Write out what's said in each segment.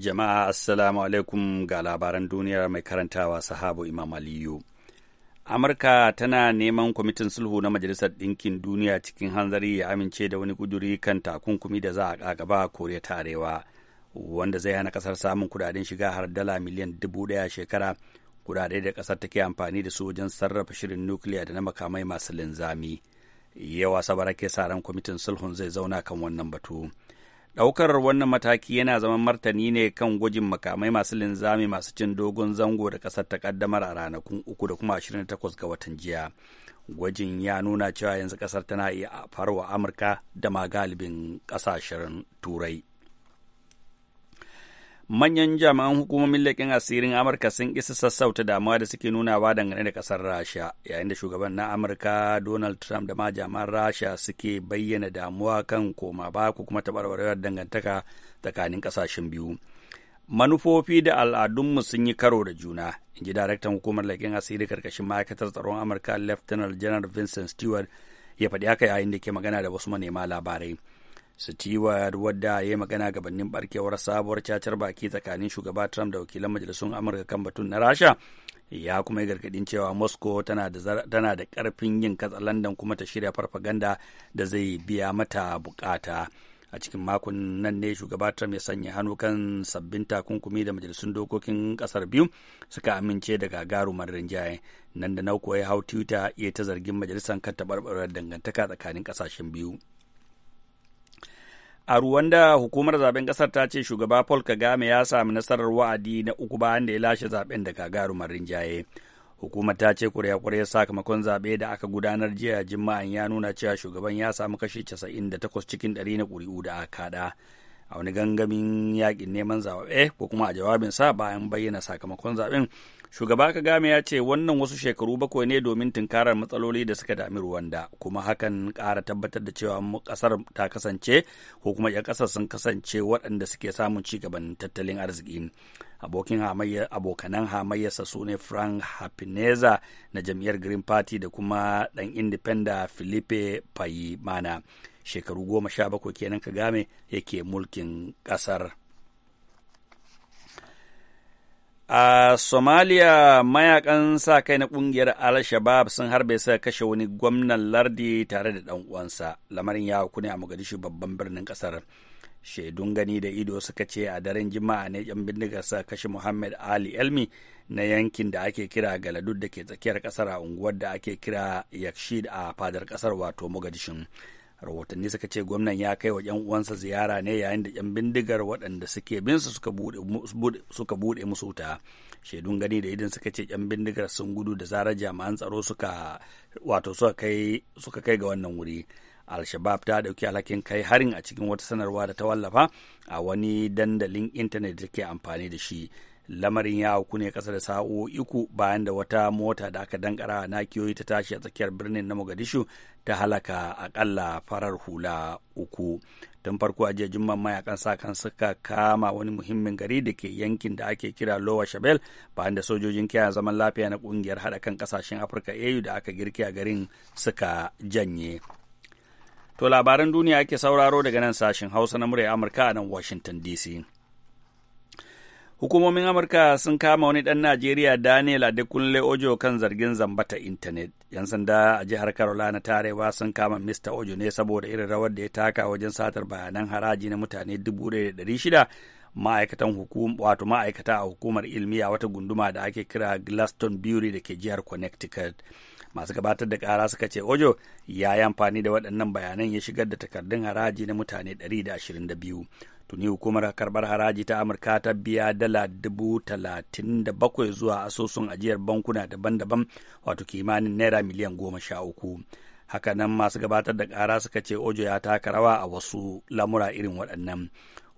Jama'a Assalamu alaikum ga labaran Duniya mai karantawa sahabu Imam Aliyu. Amurka tana neman kwamitin sulhu na Majalisar Ɗinkin Duniya cikin hanzari ya amince da wani kuduri kan takunkumi da za a gaba Koriya ta Arewa, wanda zai hana ƙasar samun kudaden shiga har dala miliyan dubu ɗaya shekara, kudade da ƙasar take amfani da su wajen sarrafa shirin nukiliya da na makamai masu linzami. Yawa sabara ke sa kwamitin sulhun zai zauna kan wannan batu. Ɗaukar wannan mataki yana zama martani ne kan gwajin makamai masu linzami masu cin dogon zango da ƙasar ta ƙaddamar a ranakun uku da kuma takwas ga watan jiya. Gwajin ya nuna cewa yanzu ƙasar tana iya farwa Amurka da ma galibin ƙasashen Turai. manyan jami'an hukumomin leƙen asirin amurka sun isa sassauta damuwa da suke nunawa dangane da ƙasar rasha yayin da shugaban na amurka donald trump da ma jami'an rasha suke bayyana damuwa kan koma ba ko kuma taɓarɓarewar dangantaka tsakanin ƙasashen biyu manufofi da al'adunmu sun yi karo da juna in ji daraktan hukumar leƙen asiri karkashin ma'aikatar tsaron amurka lieutenant general vincent stewart ya faɗi haka yayin da ke magana da wasu manema labarai Stewart wadda ya yi magana gabanin barkewar sabuwar cacar baki tsakanin shugaba Trump da wakilan majalisun Amurka kan batun na Rasha ya kuma yi gargadin cewa Moscow tana da karfin yin katsa katsalandan kuma ta shirya farfaganda da zai biya mata bukata. a cikin makon nan ne shugaba Trump ya sanya hannu kan sabbin takunkumi da majalisun dokokin kasar biyu suka amince da gagarumar rinjaye nan da na ya hau Twitter iya ta zargin majalisar kan taɓarɓarar dangantaka tsakanin ƙasashen biyu. A ruwan da hukumar zaben ƙasar ta ce shugaba Paul Kagame ya sami nasarar wa'adi na uku bayan da ya lashe zaben da gagarumar rinjaye. Hukumar ta ce kuriya-kuriyar sakamakon zaɓe da aka gudanar jiya jima'an ya nuna cewa shugaban ya samu kashi 98 cikin 100 na ƙuri'u da aka kada a wani gangamin yakin neman zaɓe ko kuma a jawabinsa bayan bayyana sakamakon zaɓen shugaba kagame ya ce wannan wasu shekaru bakwai ne domin tunkarar matsaloli da suka dami ruwanda kuma hakan kara tabbatar da cewa kasar ta kasance ko kuma 'yan ƙasar sun kasance waɗanda suke samun ci gaban tattalin arziki abokin hamayya abokanan hamayyarsa su ne frank hapineza na jam'iyyar green party da kuma ɗan independa filipe payimana shekaru goma sha bakwai kenan ka kagame yake mulkin kasar. a somalia mayakan sa kai na kungiyar al-shabab sun harbe sa kashe wani gwamnan lardi tare da ɗan uwansa lamarin ya hauku a mogadishu babban birnin kasar shaidun gani da ido suka ce a daren jima'a ne yan bindigar sa kashe muhammad ali elmi na yankin da ake kira galadud da ke tsakiyar kasar a unguwar da ake kira yakshid a fadar kasar wato mogadishin rahotanni suka ce gwamnan ya kai wa 'yan uwansa ziyara ne yayin da 'yan bindigar waɗanda suke binsa suka buɗe musu wuta shaidun gani da idan suka ce 'yan bindigar sun gudu da zarar jami'an tsaro suka wato suka kai ga wannan wuri al-shabab ta dauki alhakin kai harin a cikin wata sanarwa da ta wallafa a wani dandalin intanet da ke amfani da shi lamarin ya auku ne kasa da sa'o'i uku bayan da wata mota da aka dankara na kiyoyi ta tashi a tsakiyar birnin na mogadishu ta halaka akalla farar hula uku tun farko a jiya juma'a mayakan sa kan suka kama wani muhimmin gari da ke yankin da ake kira lowa shabel bayan da sojojin kiyaye zaman lafiya na kungiyar haɗa kan kasashen afirka au da aka girke a garin suka janye to labaran duniya ake sauraro daga nan sashen hausa na murya amurka a nan washington dc Hukumomin Amurka sun kama wani ɗan Najeriya Daniel Adekunle Ojo kan zargin zamba ta intanet. 'Yan sanda a jihar Carolina na tarewa sun kama Mr. Ojo ne saboda irin rawar da ya taka wajen satar bayanan haraji na mutane shida ma'aikatan hukum wato ma'aikata a hukumar ilmi a wata gunduma da ake kira Glastonbury da ke jihar Connecticut. Masu gabatar da kara suka ce Ojo ya yi amfani da waɗannan bayanan ya shigar da takardun haraji na mutane 122. tuni hukumar karbar haraji ta amurka ta biya dala dubu talatin da bakwai zuwa asusun ajiyar bankuna daban-daban wato kimanin naira miliyan goma sha uku hakanan masu gabatar da kara suka ce ojo ya taka rawa a wasu lamura irin waɗannan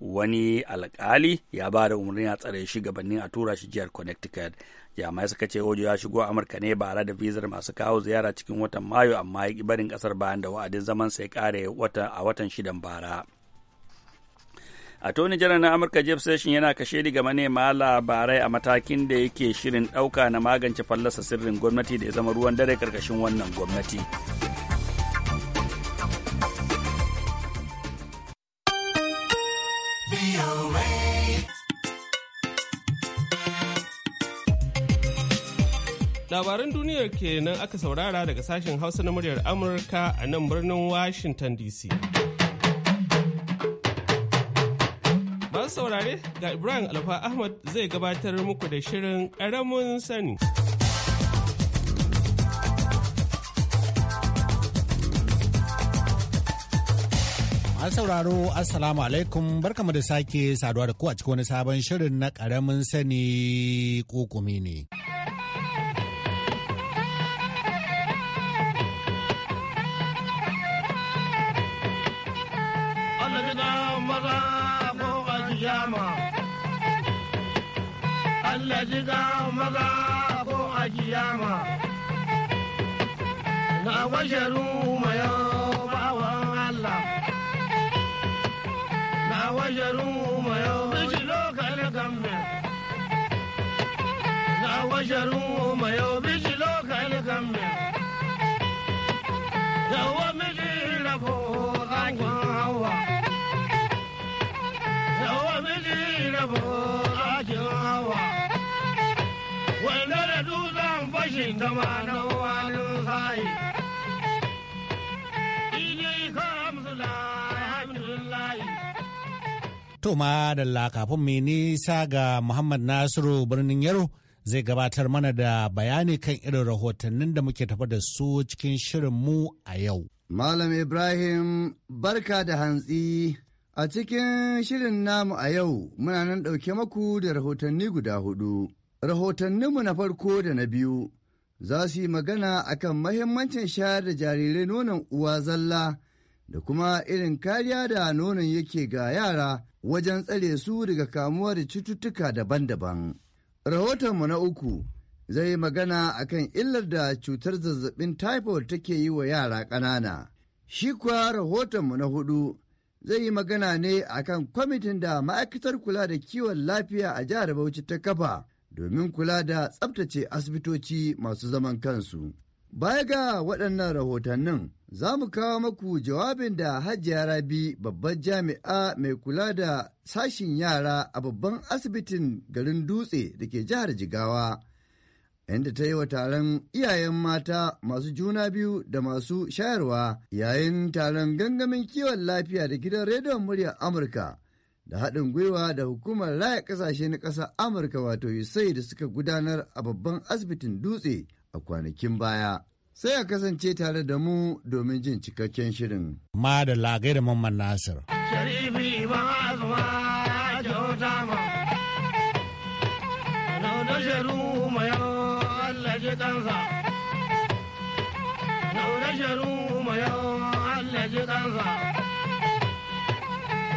wani alkali ya ba da umarni a tsare shi gabanin a tura shi jihar connecticut jami'ai suka ce ojo ya shigo amurka ne bara da vizar masu kawo ziyara cikin watan mayu amma ya ƙi barin ƙasar bayan da wa'adin zaman sai kare a watan shidan bara A Attorney General na Amurka Jeff Sessions yana kashe diga manema labarai a matakin da yake shirin ɗauka na magance fallasa sirrin gwamnati da ya zama ruwan dare karkashin wannan gwamnati. Labaran duniyar kenan aka saurara daga sashen Hausa na muryar Amurka a nan birnin Washington DC. saurare ga Ibrahim Alfa Ahmad zai gabatar muku da shirin ƙaramin sani. An sauraro Assalamu alaikum barkamu da sake saduwa da ku a cikin wani sabon shirin na ƙaramin sani kokumi ne. Oh, I ga maza ko a kiyama. Na washaru mayo bawan Allah. Na washaru mayo bishi lokal gamme. Na washaru mayo bishi lokal gamme. Yawa miji rabo zakin hawa. Yawa miji rabo zakin hawa. wanda da dutsen fashin ta ma na wani sa'i. To ma da kafin mai nisa ga Muhammad Nasiru birnin Yaro zai gabatar mana da bayani kan irin rahotannin da muke tafa da su cikin mu a yau. Malam Ibrahim barka da hantsi a cikin shirin namu a yau muna nan ɗauke maku da rahotanni guda hudu. Rahotanninmu na farko da na biyu za su yi magana a kan mahimmancin shayar da jarirai nonon uwa zalla da kuma irin kariya da nonon yake ga yara wajen tsare su daga kamuwa da cututtuka daban-daban. Rahotonmu na uku zai yi magana kan illar da cutar zazzabin typhoid take yi wa yara ƙanana. Shi kuwa rahotonmu na hudu zai yi magana ne a kan kwamitin da ma'aikatar kula da kiwon lafiya a jihar Bauchi ta kafa domin kula da tsabtace asibitoci masu zaman kansu. Baya ga waɗannan rahotannin za mu kawo maku jawabin da Hajiya Rabi babbar jami'a mai kula da sashin yara a babban asibitin garin Dutse da ke jihar Jigawa. inda ta yi wa taron iyayen mata masu juna biyu da masu shayarwa yayin taron gangamin kiwon lafiya da gidan rediyon muryar Amurka da haɗin gwiwa da hukumar raya ƙasashe na ƙasar amurka wato yusai da suka gudanar a babban asibitin dutse a kwanakin baya sai a kasance tare da mu domin jin cikakken shirin ma da lagai mamman nasir sharifi ba zuwa mai Allah ji ɗansa.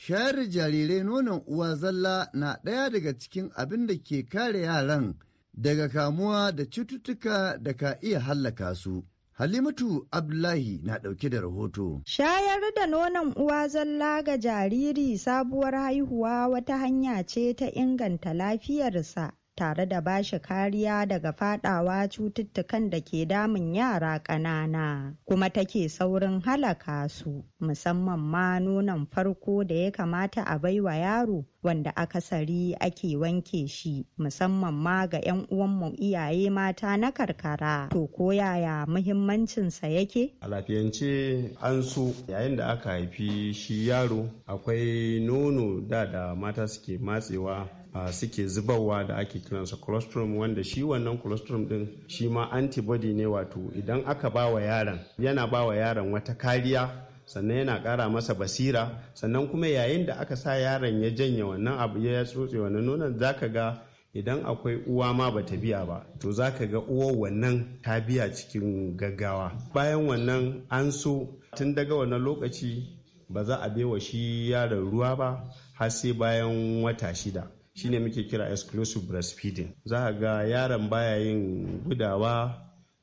shayar jarirai nonon uwa zalla na ɗaya daga cikin abin da ke kare yaran daga kamuwa da cututtuka da ka iya hallaka su. Halimatu Abdullahi na ɗauke da rahoto. Shayar da nonon uwa zalla ga jariri sabuwar haihuwa wata hanya ce ta inganta lafiyarsa tare da ba shi kariya daga fadawa cututtukan da ke damun yara ƙanana kuma take saurin halaka su musamman ma nonon farko da ya kamata a baiwa yaro wanda akasari ake wanke shi musamman ma ga 'yan uwanmu iyaye mata na karkara to ko yaya muhimmancinsa yake a lafiyance an so yayin da aka haifi shi yaro akwai nono da da mata suke matsewa suke zubarwa da ake kiransa colostrum wanda shi wannan colostrum din shi ma antibody ne wato idan aka ba wa yaron yana ba wa yaron wata kariya sannan yana kara masa basira sannan kuma yayin da aka sa yaron ya janye wannan abu ya tsotse wannan nonon zaka ga idan akwai uwa ma ba ta biya ba to za ka ga uwar wannan ta biya cikin gaggawa bayan wannan an so tun daga wannan lokaci ba za a bewa shi yaron ruwa ba har sai bayan wata shida shine muke kira exclusive breastfeeding za a ga yaron baya yin gudawa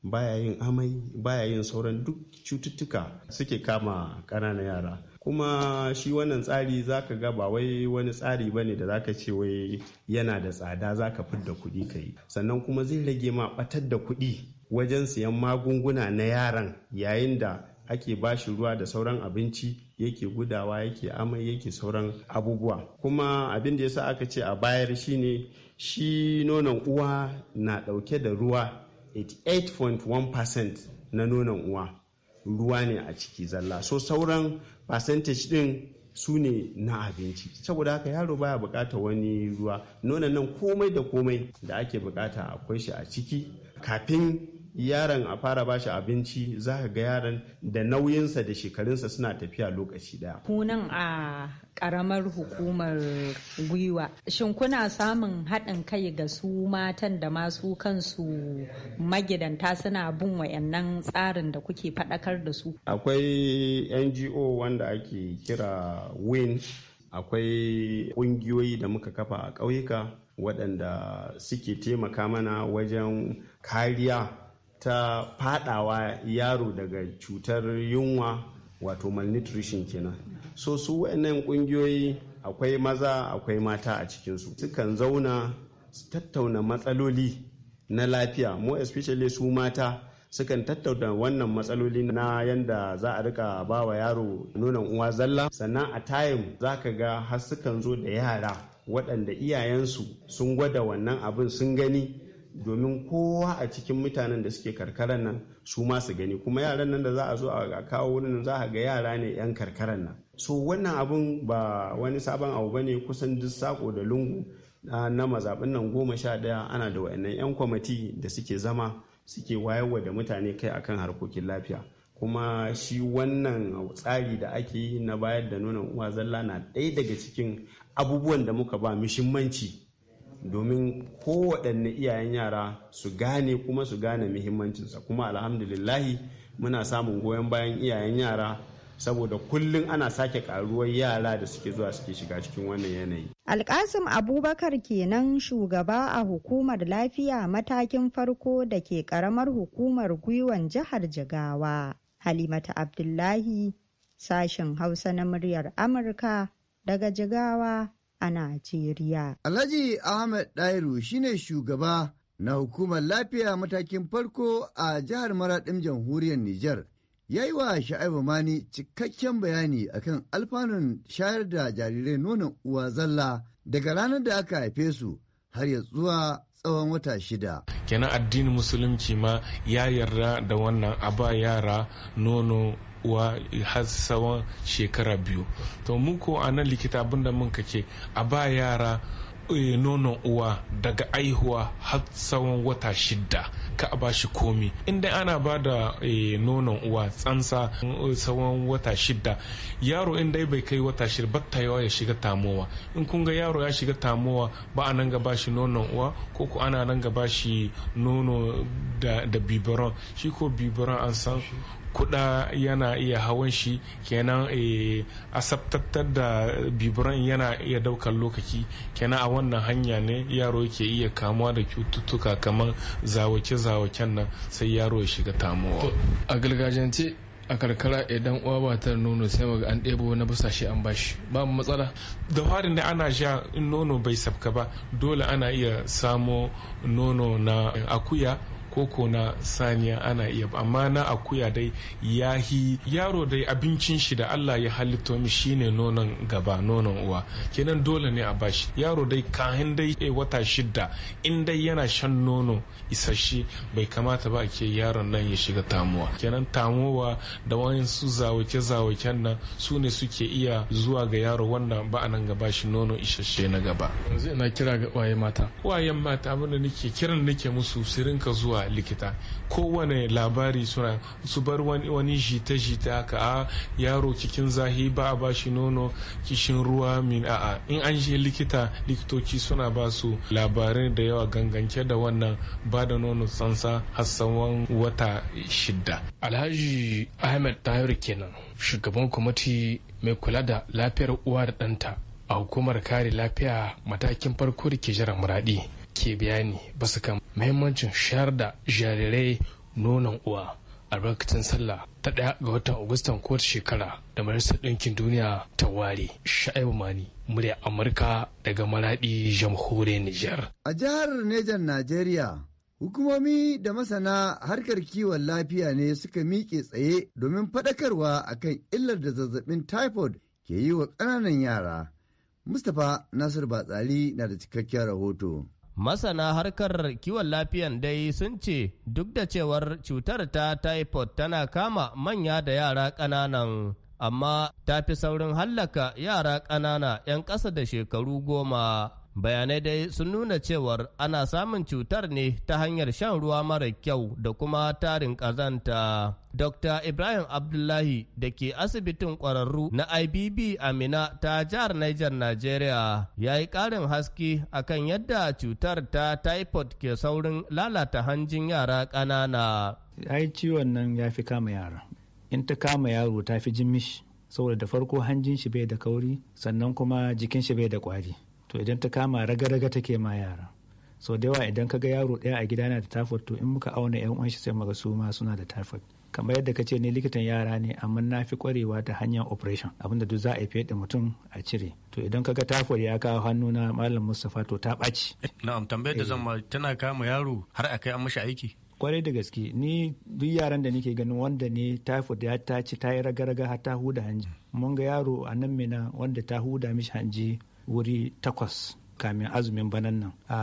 baya yin amai baya yin sauran duk cututtuka suke kama ƙananan yara kuma shi wannan tsari za ka ga ba wai wani tsari ba ne da za ka ce wai yana da tsada za ka fidda kuɗi ka yi sannan kuma zai rage ma ɓatar da kuɗi wajen siyan magunguna na yaran yayin da ake bashi ruwa da sauran abinci yake gudawa yake amai yake sauran abubuwa kuma abin da yasa aka ce a bayar shine shi nonon uwa na dauke da ruwa 88.1% na nonon uwa ruwa ne a ciki zalla so sauran percentage din su ne na abinci saboda haka yaro baya bukata wani ruwa nonon nan komai da komai da ake bukata akwai shi a ciki kafin yaron a fara bashi abinci za ka ga yaron da nauyinsa da shekarunsa suna tafiya lokaci daya. kunan a karamar hukumar gwiwa shin kuna samun haɗin kai ga su matan da masu kansu magidanta suna bin wayannan tsarin da kuke faɗakar da su akwai ngo wanda ake kira win akwai ƙungiyoyi da muka kafa a ƙauyuka waɗanda suke taimaka mana wajen kariya ta fadawa yaro daga cutar yunwa wato malnutrition kenan so su waɗannan ƙungiyoyi akwai maza akwai mata a cikinsu sukan zauna su tattauna matsaloli na lafiya mo especially su mata sukan tattauna wannan matsaloli na yanda za a rika ba wa yaro nonon uwa zalla sannan a tayin za ka ga har sukan zo da yara waɗanda iyayensu sun gwada wannan abin sun gani domin kowa a cikin mutanen da suke karkarar nan su ma su gani kuma yaran nan da za a zo a kawo wurin nan za a ga yara ne 'yan karkaran nan so wannan abun ba wani sabon abu bane kusan duk sako da lungu na mazaɓin nan goma sha ɗaya ana da wa'annan 'yan kwamati da suke zama suke wayarwa da mutane kai akan harkokin lafiya kuma shi wannan tsari da ake yi na bayar da nuna uwa zalla na ɗaya daga cikin abubuwan da muka ba muhimmanci domin kowaɗanne iyayen yara su gane kuma su gane muhimmancinsa kuma alhamdulillahi muna samun goyon bayan iyayen yara saboda kullum ana sake karuwar yara da suke zuwa suke shiga cikin wannan yanayi. Alkasim Abubakar kenan shugaba a hukumar lafiya matakin farko da ke karamar hukumar gwiwan jihar Jigawa. Halimata Abdullahi, sashen Hausa na muryar Amurka daga Jigawa a Najeriya. Alhaji Ahmed Dairu shine shugaba na hukumar lafiya matakin farko a jihar Maraɗin jamhuriyar Nijar. Ya yi wa Sha'ibu Mani cikakken bayani akan alfanun shayar da jarirai nonon uwa zalla daga ranar da aka haife su har ya zuwa tsawon wata shida. Kenan addinin musulunci ma ya yarda da wannan a ba yara nono Wa har tsawon shekara biyu to mu ko a nan likita abinda mun kake a ba yara eh, nonon uwa daga aihuwa har tsawon wata shidda ka a bashi komi inda ana ba da eh, nono uwa tsansa eh, tsawon wata shidda yaro inda bai kai wata shida ba ta ya shiga tamowa in kun ga yaro ya shiga tamowa ba a nan ga bashi nonon uwa ko ko ana nan ga bashi nono da biberon shi ko biberon an san kuɗa yana iya hawan shi kenan eh, asabtattar da bibiran yana iya daukar lokaci kenan a wannan hanya ne yaro ke iya kamuwa da cututtuka kamar zawace-zawacen nan sai yaro ya shiga tamuwa a gargajiyance a karkara idan uwa ba ta nono sai maga an ɗebo na shi an bashi ba matsala da farin da ana sha nono bai sabka ba dole ana iya samo nono na akuya koko na saniya ana iya amma na akuya dai yahi yaro dai abincin shi da Allah ya halitto mi shine nonon gaba nonon uwa kenan dole ne a bashi yaro dai kahin dai e wata shida in dai yana shan nono isasshe bai kamata ba ke yaron nan ya shiga tamuwa kenan tamuwa da su zawake zawaken nan su ne suke iya zuwa ga yaro wannan ba nan gaba shi nono isasshe na gaba yanzu ina kira ga waye mata wayen mata abin da nake kiran nake musu su rinka zuwa likita kowane labari suna su bar wani jita-jita ka a ah, yaro cikin zahi ba a ba shi nono kishin ruwa min a'a in an je likita likitoci suna ba su labarai da yawa gangance da wannan ba da nono tsansa hassan wata shidda alhaji ahmed tahir kenan shugaban kwamiti mai kula da lafiyar uwa da ɗanta a hukumar kare lafiya matakin farko da ke jiran muradi ke bayani su kan mahimmancin shayar da jarirai nonon uwa albarkacin sallah ta ɗaya ga watan agustan kowace shekara da majalisar ɗinkin duniya ta ware sha'ibu mani murya amurka daga maraɗi jamhuriyar nijar a jihar nejan najeriya Hukumomi da masana harkar kiwon lafiya ne suka miƙe tsaye domin faɗakarwa akan illar da zazzabin typhoid ke yi wa ƙananan yara. Mustapha Nasir Batsali na da cikakken rahoto. masana harkar kiwon lafiyan dai sun ce duk da cewar cutar ta typhoid tana kama manya da yara ƙananan amma ta fi saurin hallaka yara ƙanana 'yan ƙasa da shekaru goma bayanai dai sun nuna cewar ana samun cutar ne ta hanyar shan ruwa mara kyau da kuma tarin kazanta. Dr. Ibrahim Abdullahi da ke asibitin ƙwararru na IBB Amina ta jihar Niger, Najeriya ya yi ƙarin haske akan yadda cutar ta typhoid ke saurin lalata hanjin yara ƙanana. Ai ciwon nan ya fi kama yara. In ta kama yaro ta fi jimish saboda da farko hanjin shi bai da kauri sannan kuma jikin shi bai da kwari. to idan ta kama raga-raga take ma yara so da yawa idan ka ga yaro ɗaya a gida yana da typhoid to in muka auna yan uwan shi sai muka su ma suna da typhoid kamar yadda ka ce ni likitan yara ne amma na fi kwarewa ta hanyar operation abinda duk za a yi da mutum a cire to idan kaga typhoid ya kawo hannu na malam mustapha to ta ɓaci. na'am tambayar da zan ma tana kama yaro har a kai an mashi aiki kwarai da gaske ni duk yaran da nike ganin wanda ne typhoid ya ta ci ta yi raga-raga har ta huda hanji mun ga yaro a nan mina wanda ta huda mishi hanji wuri takwas kamin azumin banan nan a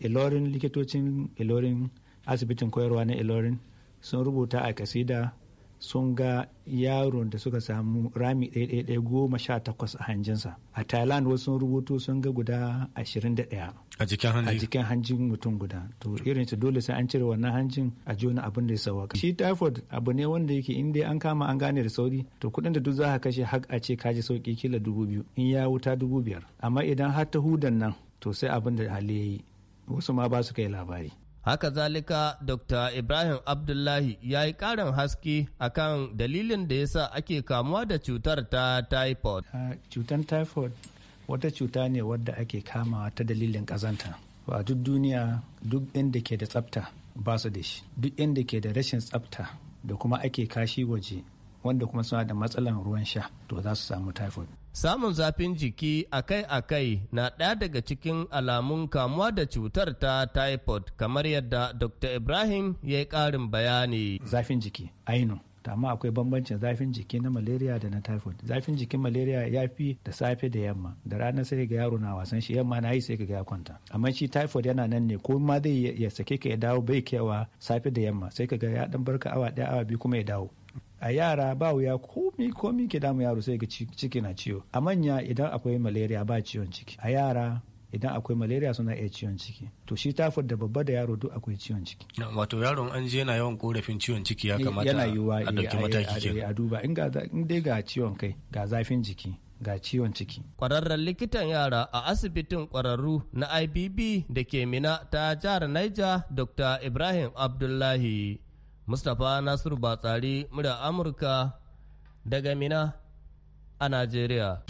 ilorin likitocin ilorin asibitin koyarwa na ilorin sun rubuta a kasida sun ga yaron da suka samu rami ɗaya goma sha takwas a hanjinsa a thailand wasu sun rubutu sun ga guda ashirin da ɗaya a jikin hanji. A jikin hanjin mutum guda to irin ta dole sai an cire wannan hanjin a wani abin da ya sauka. shi typhoid abu ne wanda yake in dai an kama an gane da sauri to kuɗin da duk za ka kashe har a ce ka ji sauki kila dubu biyu in ya wuta dubu biyar amma idan har ta hudan nan to sai abin da hali ya yi wasu ma ba su kai labari haka zalika dr ibrahim abdullahi ya yi karin haske akan dalilin da yasa ake kamuwa da cutar ta typhoid cutar typhoid wata cuta ne wadda ake kamawa ta dalilin kazanta a duk duniya duk inda ke da tsafta ba su da shi duk inda ke da rashin tsafta da kuma ake kashi waje wanda kuma suna da matsalan ruwan sha to za su samu typhoid samun zafin jiki akai-akai na ɗaya daga cikin alamun kamuwa da cutar ta typhoid kamar yadda dr ibrahim ya yi ƙarin bayani zafin jiki ainihin ta amma akwai bambancin zafin jiki na malaria da na typhoid zafin jikin malaria ya fi da safe da yamma da rana sai ga yaro na wasan shi yamma na yi sai ga ya kwanta amma shi typhoid yana nan ne ko ma zai ya sake ka ya dawo bai kewa safe da yamma sai ka ga ya dan barka awa daya awa biyu kuma ya dawo a yara ba wuya komi komi ke damu yaro sai ga ciki na ciwo a manya idan akwai malaria ba ciwon ciki a yara idan akwai malaria suna iya ciwon ciki to shi tafur da babba da yaro duk akwai ciwon ciki wato yaron an je yana yawan korafin ciwon ciki ya kamata yana a dauki mataki ke a duba in dai ga ciwon kai ga zafin jiki ga ciwon ciki kwararren likitan yara a asibitin kwararru na ibb da ke mina ta jihar niger dr ibrahim abdullahi mustapha nasiru batsari murya amurka daga mina a najeriya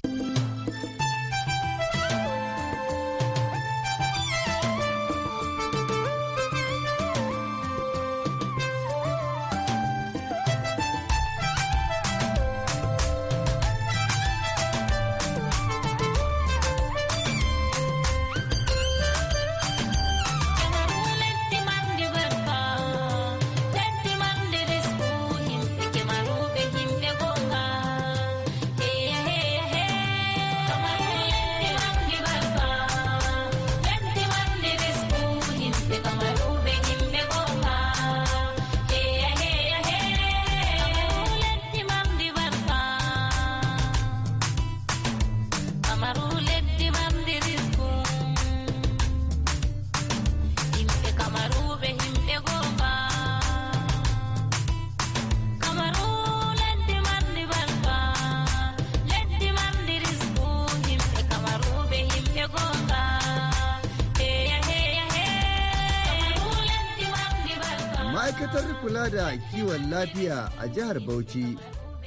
kula da kiwon lafiya a jihar Bauchi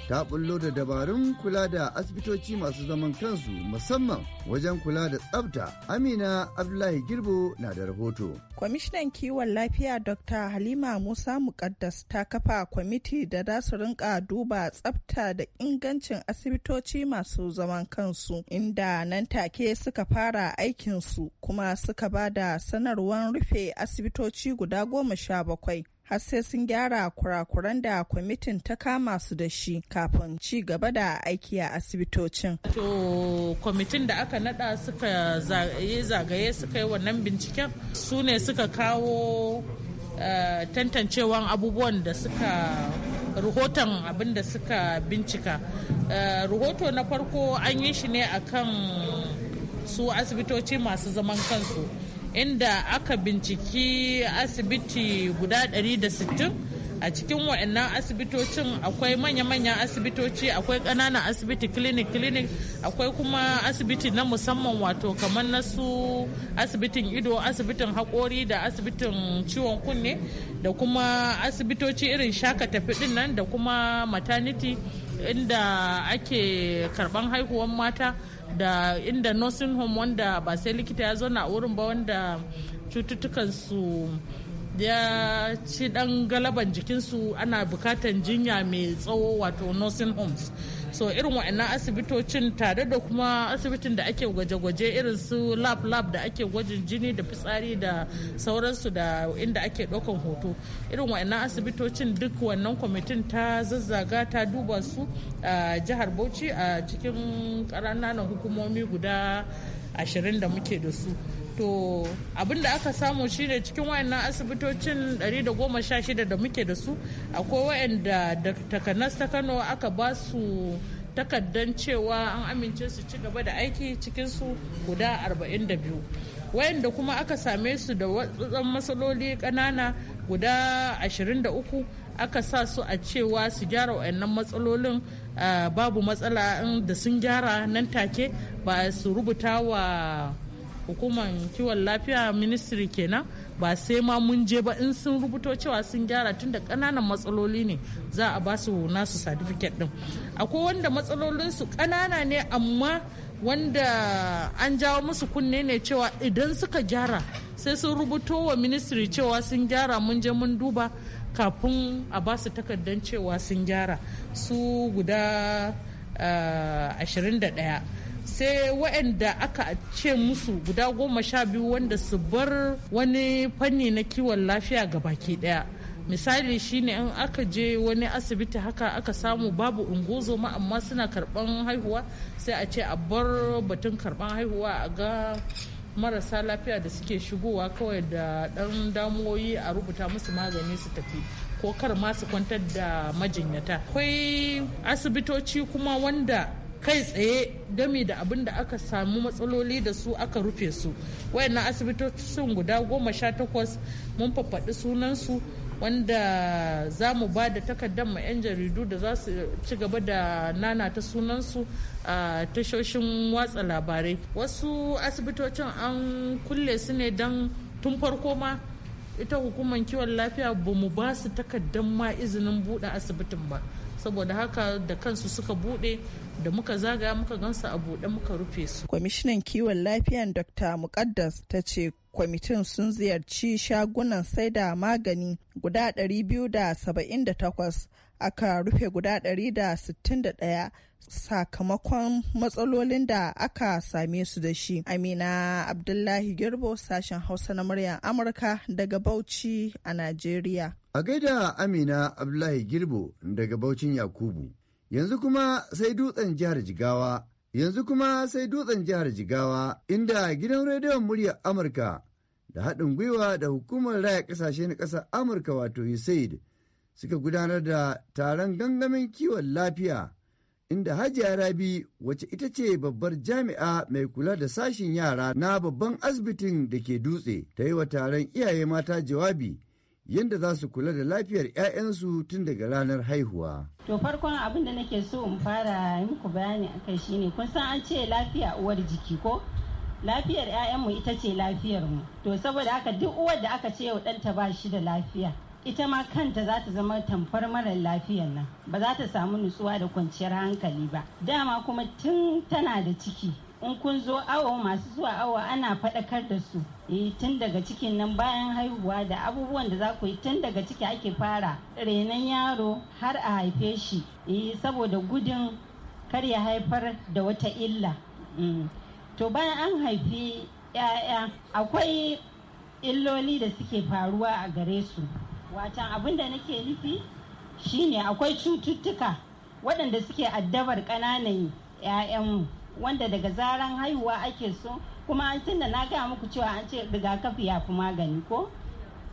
ta bullo da dabarun kula da asibitoci masu zaman kansu musamman wajen kula da tsabta amina abdullahi girbo na da rahoto kwamishinan kiwon lafiya dr halima musa mukaddas ta kafa kwamiti da za su rinka duba tsabta da ingancin asibitoci masu zaman kansu inda nan take suka fara aikinsu kuma suka ba da sanarwar rufe asibitoci guda goma sha bakwai har sai sun gyara kurakuran da kwamitin ta kama su da shi kafin ci gaba da aiki a asibitocin. To kwamitin da aka nada suka yi zagaye suka yi wannan binciken su ne suka kawo eh, tantancewan abubuwan da suka rahoton abin da suka bincika. Eh, rahoto na farko an yi shi ne akan su asibitoci masu zaman kansu. inda aka binciki asibiti guda 160 a cikin waɗannan asibitocin akwai manya-manyan asibitoci akwai ƙananan asibiti clinic clinic akwai kuma asibiti na musamman wato kamar na su asibitin ido asibitin haƙori da asibitin ciwon kunne da kuma asibitoci irin shaka tafi nan da kuma maternity inda ake karban haihuwan mata da inda nursing home wanda ba sai likita ya zauna a wurin ba wanda cututtukansu ya ci dan galaban jikinsu ana bukatan jinya mai tsawo wato nursing homes so irin wa'annan asibitocin tare da kuma asibitin da ake gwaje-gwaje irin su lab lab da ake gwajin jini da fitsari da sauransu da inda ake ɗaukan hoto irin wa'annan asibitocin duk wannan kwamitin ta zazzaga ta duba su a jihar bauchi a cikin ƙananan hukumomi guda ashirin da muke da su to abin da aka samu shine cikin wayannan asibitocin 116 da muke da su akwai wayanda da takanas ta kano aka ba su takaddan cewa an amince su ci gaba da aiki cikinsu guda 42 wayanda kuma aka same su da watsatsan matsaloli ƙanana guda 23 aka sa su a cewa su gyara wayannan matsalolin ah, babu matsala da sun gyara nan take ba su rubuta wa hukumar kiwon lafiya ministry kenan ba sai ma mun je ba in sun rubuto cewa sun gyara tunda kananan matsaloli ne za a ba su nasu certificate din akwai wanda matsalolinsu kanana ne amma wanda an jawo musu kunne ne cewa idan suka gyara sai sun rubuto wa ministry cewa sun gyara mun je mun duba kafin a ba su takardar cewa sun gyara su guda 21 eh, sai waɗanda aka ce musu guda goma sha biyu wanda su bar wani fanni na kiwon lafiya ga baki ɗaya misali shine in aka je wani asibiti haka aka samu babu ungozoma amma suna karban haihuwa sai a ce a bar batun karban haihuwa a ga marasa lafiya da suke shigowa kawai da ɗan damuwoyi a rubuta musu magani su tafi ko kar ma kwantar da majinyata akwai asibitoci kuma wanda kai tsaye gami da abin da aka samu matsaloli da su aka rufe su wayannan sun guda goma sha takwas mun faffaɗi sunansu wanda za mu ba da takardar ma 'yan jaridu da za su ci gaba da nana ta sunansu a tashoshin watsa labarai wasu asibitocin an kulle su ne don tun farko ma ita hukumar kiwon lafiya ba mu ba su takardar ma izinin buɗe asibitin ba saboda haka da kansu suka bude da muka zaga muka gansu a buɗe muka rufe su. Kwamishinan kiwon lafiyan Dr. mukaddas ta ce kwamitin sun ziyarci shagunan saida magani guda 278 aka rufe guda 161 sakamakon matsalolin da aka same su da shi. Amina Abdullahi Girbo sashen Hausa na muryar Amurka daga Bauchi a Najeriya. A gaida Amina Abdullahi Girbo daga Baucin Yakubu. Yanzu kuma sai dutsen jihar Jigawa. Yanzu kuma sai dutsen jihar Jigawa inda gidan rediyon muryar Amurka da haɗin gwiwa da hukumar raya ƙasashe na ƙasar Amurka wato USAID suka gudanar da taron gangamin kiwon lafiya inda Hajiya Rabi wace ita ce babbar jami'a mai kula da sashin yara na babban asibitin da ke dutse ta yi wa taron iyaye mata jawabi yadda za su kula da lafiyar 'ya'yansu tun daga ranar haihuwa. To farkon abin da nake so in fara yi muku bayani kai shine kun san an ce lafiya uwar jiki ko? Lafiyar 'ya'yanmu ita ce lafiyarmu. To saboda haka duk uwar da aka ce yau ɗanta ba shi da lafiya ita ma kanta za ta zama tamfar mara lafiyar nan ba za ta samu nutsuwa da kwanciyar hankali ba dama kuma tun tana da ciki in kun zo awo masu zuwa awo ana faɗakar da su eh, tun daga cikin nan bayan haihuwa da abubuwan da za ku yi tun daga ciki ake fara renon yaro har a haife shi E, saboda gudun kar ya haifar da wata illa mm. to bayan an haifi 'ya'ya akwai illoli da suke faruwa a gare su Watan abin da nake nufi shine akwai cututtuka waɗanda suke addabar ƙananan 'ya'yanmu wanda daga zaran haihuwa ake so kuma an tunda na gaya muku cewa an ce rigakafi ya fi magani ko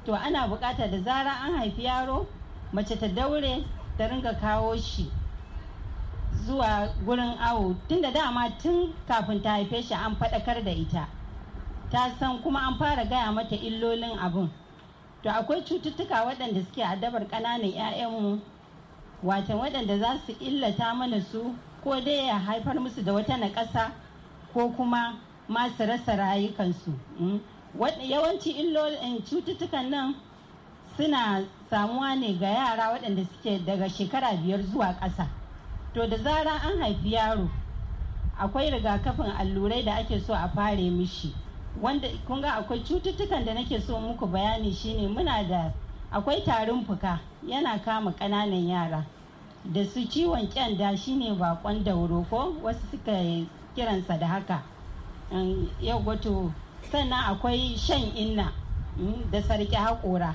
to ana buƙata da zara an haifi yaro mace ta daure ta ringa kawo shi zuwa gurin awo tunda dama tun kafin ta haife shi an faɗakar da ita ta san kuma an fara gaya mata illolin abin to akwai cututtuka waɗanda suke addabar ƙananan 'ya'yanmu watan waɗanda za su illata mana su ko dai ya haifar musu da wata naƙasa ko kuma masu rasa rayukansu mm. yawanci illolin eh, cututtukan nan suna samuwa ne ga yara waɗanda suke daga shekara biyar zuwa ƙasa to da zara an haifi yaro akwai rigakafin allurai da ake so a fare mishi wanda kun ga akwai cututtukan da nake so muku bayani shine muna da akwai tarin fuka yana kama ƙananan yara da su ciwon kyanda shine bakon dauro ko wasu suka kiransa da haka yau gwato sannan akwai shan inna mm, da sarki haƙora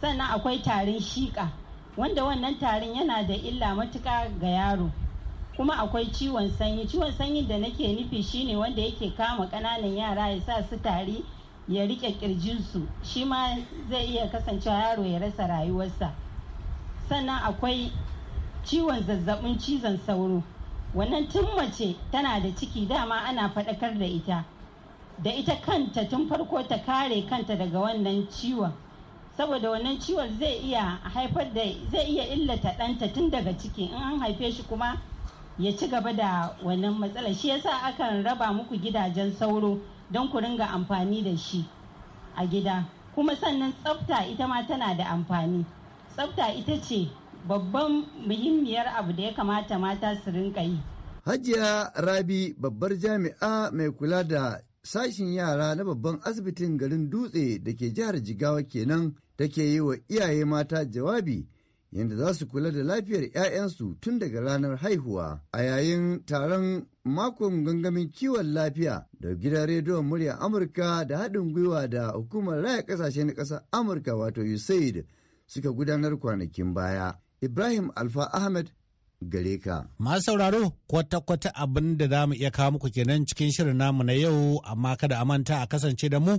sannan akwai tarin shiƙa wanda wannan tarin yana da illa matuka ga yaro kuma akwai ciwon sanyi ciwon sanyin da nake nufi shine wanda yake kama kananan yara ya sa su tari ya rike kirjinsu shi ma zai iya kasancewa yaro ya rasa rayuwarsa sannan akwai ciwon zazzabin cizon sauro wannan tun mace tana da ciki dama ana faɗakar da ita da ita kanta tun farko ta kare kanta daga wannan ciwon saboda wannan ciwon zai iya haifar da zai iya illata ɗanta tun daga ciki in an haife shi kuma ya ci gaba da wannan matsalar shi yasa akan raba muku gidajen sauro don ku ringa amfani da shi a gida kuma sannan tsafta ita ma tana da amfani tsafta ita ce babban muhimmiyar abu da ya kamata mata su rinka yi hajiya rabi babbar jami'a mai kula da sashin yara na babban asibitin garin dutse da ke jihar jigawa kenan take yi wa iyaye mata jawabi yadda za su kula da lafiyar 'ya'yansu tun daga ranar haihuwa a yayin taron makon gangamin kiwon lafiya da gidan rediyon murya amurka da haɗin gwiwa da hukumar raya ƙasashe na ƙasar amurka wato usaid suka gudanar kwanakin baya ibrahim alfa ahmed gare ka. Masu sauraro kwata-kwata abin da za mu iya kawo muku kenan cikin shirin namu na yau amma kada a manta a kasance da mu